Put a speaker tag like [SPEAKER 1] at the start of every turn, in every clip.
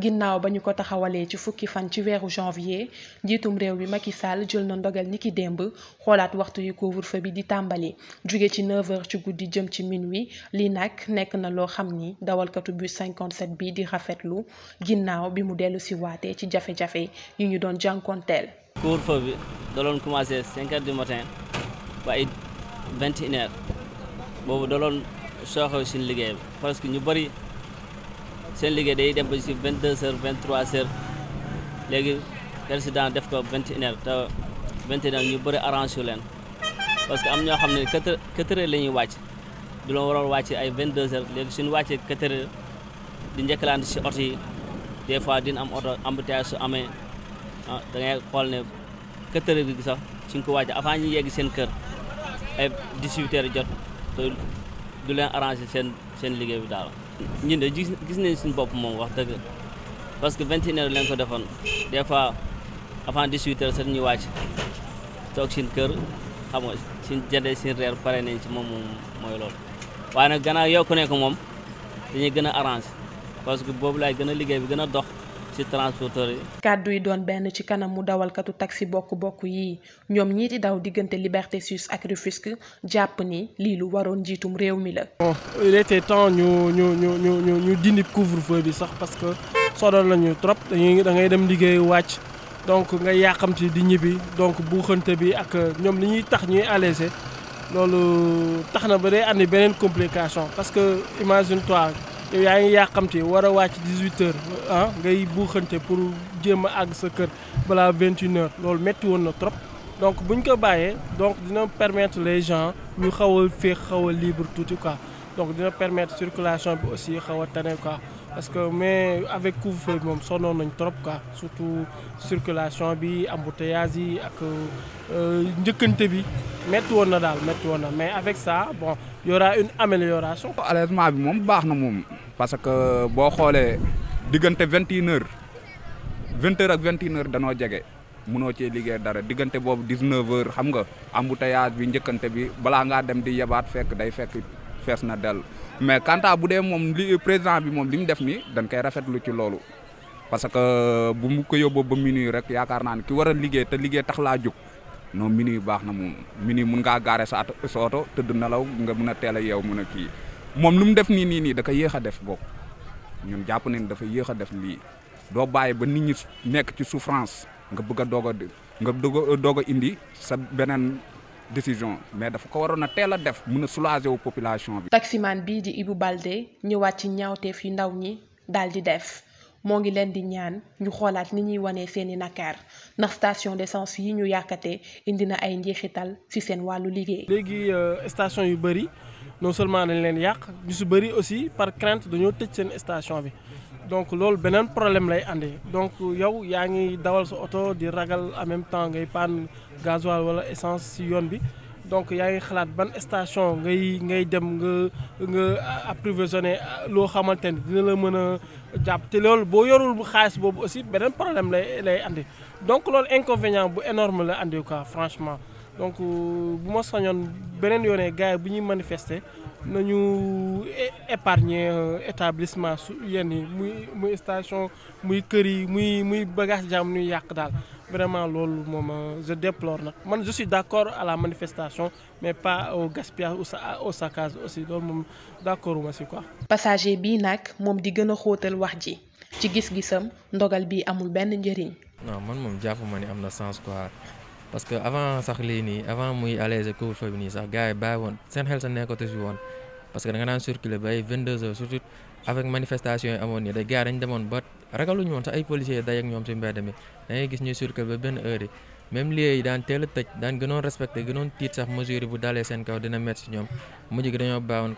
[SPEAKER 1] ginnaaw ba ñu ko taxawalee ci fukki fan ci weeru janvier njiitum réew mi Macky Sall jël na ndogal ni ki démb xoolaat waxtu yi couvre-feu bi di tàmbali jóge ci 9 ci guddi jëm ci wi lii nag nekk na loo xam ni dawalkatu bus 57 bi di rafetlu ginnaaw bi mu dellu si waatee ci jafe-jafe yi ñu doon jànkoonteel.
[SPEAKER 2] couvre-feu bi da doon commencé 5h du matin ba ay boobu da doon sooxew suñu liggéey bi ñu bari. seen liggéey day dem ba si vingt deux heures vingt trois heures léegi président def ko vingt une heure te vingt une heure ñu bëri arrange yu leen parce que am ñoo xam ne quatre quatre heures la ñuy wàcc du la waroon wàcc ay vingt deux heures léegi suñu wàccee quatre heures di njëkkalante si oto yi des fois dina am oto embouteillage su amee ah da ngay xool ne quatre heures gi ci suñ ko wàcce avant ñu yegg seen kër ay dix jot du leen arrangé seen seen liggéey bi daal ñun de gis nañ suñu bopp moom wax dëgg parce que vingt et une heures lañ ko defoon des fois avant dix-huit heures sax ñu wàcc toog suñu kër xam nga suñu jëndee suñu reer pare nañ ci moom mooy loolu. waaye nag gannaaw yokku ne ko moom dañuy gën a arrangé parce que boobu laay gën a liggéey bi gën a dox. ci transporteurs yi.
[SPEAKER 1] kàddu yi doon benn ci kanam mu dawalkatu taxi bokk-bokk yi ñoom ñii di daw diggante Liberté 6 ak Rufisque jàpp ni lii lu waroon njiitum réew mi la.
[SPEAKER 3] bon il était temps ñu ñu ñu ñu ñu dindi couvre-feu bi sax parce que sonal nañu trop dañuy da ngay dem liggéey wàcc donc nga yàqamti di ñibbi donc buuxante bi ak ñoom li ñuy tax ñuy alléger loolu tax na ba day andi beneen complication parce que imagine toi. yow yaa ngi yàqamte war a wàcc dix-huit ah ngay buuxante pour jéem a àgg sa kër balaa vingt une loolu métti woon na trop donc bu ñu ko bàyyee donc dina permettre les gens ñu xaw a féex xaw a libre tuuti quoi donc dina permettre circulation bi aussi xaw a tane quoi parce que mais avec couvre-feu bi moom sonnoon nañ trop quoi surtout circulation bi embouteillage yi ak euh, njëkkante bi métti
[SPEAKER 4] woon na daal métti woon na mais avec sa bon yora aura une amélioration. allègement bi moom baax na moom parce que boo xoolee diggante vingt et une vingt heures ak vingt et une heures danoo jege mënoo cee liggéey dara diggante boobu dix neuf xam nga embouteillage bi njëkkante bi balaa ngaa dem di yebaat fekk day fekk. fees na dell mais quant bu dee moom li président bi moom li mu def nii dañ koy rafetlu ci loolu parce que euh, bu mu ko yóbboo ba minuit rek yaakaar naa ne ki war a liggéey te liggéey tax laa jóg non minuit baax na moom minuit mun ngaa gaare sa sa oto tëdd nelaw nga mun a teel a yeew mun a kii moom lu mu def nii nii nii da yéex a def bopp ñun jàpp nañ dafa yéex a def lii doo bàyyi ba nit ñi nekk ci souffrance nga bëgg a doog a nga doog a indi sa beneen décision mais dafa ko waroon a teel a def mun a soulager wu population bi.
[SPEAKER 1] taximaan bii di Ibou Balde ñëwaat ci ñaawteef yu ndaw ñi daal di def moo ngi leen di ñaan ñu xoolaat ni ñuy wanee seeni nakaar ndax de d'essence yi ñu yàkkate indi na ay njeexital ci seen wàllu liggéey.
[SPEAKER 3] léegi euh, station yu bëri noo seulement dañ leen yàq ñu su bëri aussi par crainte dañoo tëj seen station bi. donc loolu beneen problème lay andi donc yow yaa ngi dawal sa oto di ragal en même temps ngay panne gasoil wala essence si yoon bi donc yaa ngi xalaat ban station ngay ngay dem nga nga approvisionné loo xamante ni dina la mën a jàpp te loolu boo yorul bu xaalis boobu aussi beneen problème lay lay andi donc loolu inconvénient bu énorme la andi quoi franchement donc bu ma sañoon beneen yoonee gars yi bu ñuy manifester nañu épargner euh, établissement su yenn yi muy muy station muy kër yi muy muy bagage jaam ñuy yàq daal vraiment loolu moom euh, je déplore nag man je suis d'accord à la manifestation mais pas au gaspillage au saccage aussi loolu moom
[SPEAKER 1] d'accordu ma si quoi. passager bii nag moom di gën a xóotal wax ji ci gis-gisam ndogal bi amul benn njëriñ.
[SPEAKER 5] non man moom jàpp ni am na sens quoi. parce que avant sax lii nii avant muy alléger couvre-feu bi nii sax gars yi bàyyi woon seen xel sa nekkatu si woon parce que daan circuler ba ay 22 heures surtout avec manifestation yi amoon nii da gars dañ demoon ba ragaluñu woon sax ay policiers day ak ñoom si mbedd mi da gis ñuy circuler ba benn heure yi même lieu yi daan teel a tëj daan gënoon respecté gënoon tiit sax mesure bu dalee seen kaw dina métti si ñoom mujj gi dañoo bàyyi woon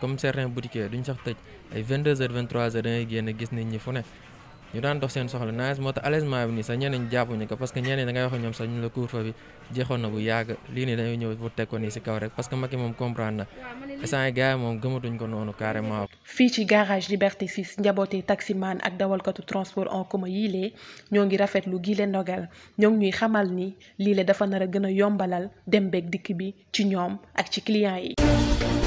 [SPEAKER 5] comme ñu daan dox seen soxla naaj moo tax allègement bi nii sax ñeneen jàppuñu ko parce que ñeneen da ngay wax ñoom sax ñu la couvre-feu bi jeexoon na bu yàgg lii nii dañuy ñëw pour ko nii si kaw rek parce que Macky moom comprendre na sant yi gars yi moom gëmatuñ ko noonu carrément.
[SPEAKER 1] fii ci garage Liberté 6 njabooti taximaan ak dawalkatu transport en commun yii lee ñoo ngi rafetlu gii leen ndogal ñoo ngi ñuy xamal ni lii lee dafa nar a gën a yombalal dem beeg dikk bi ci ñoom ak ci clients yi.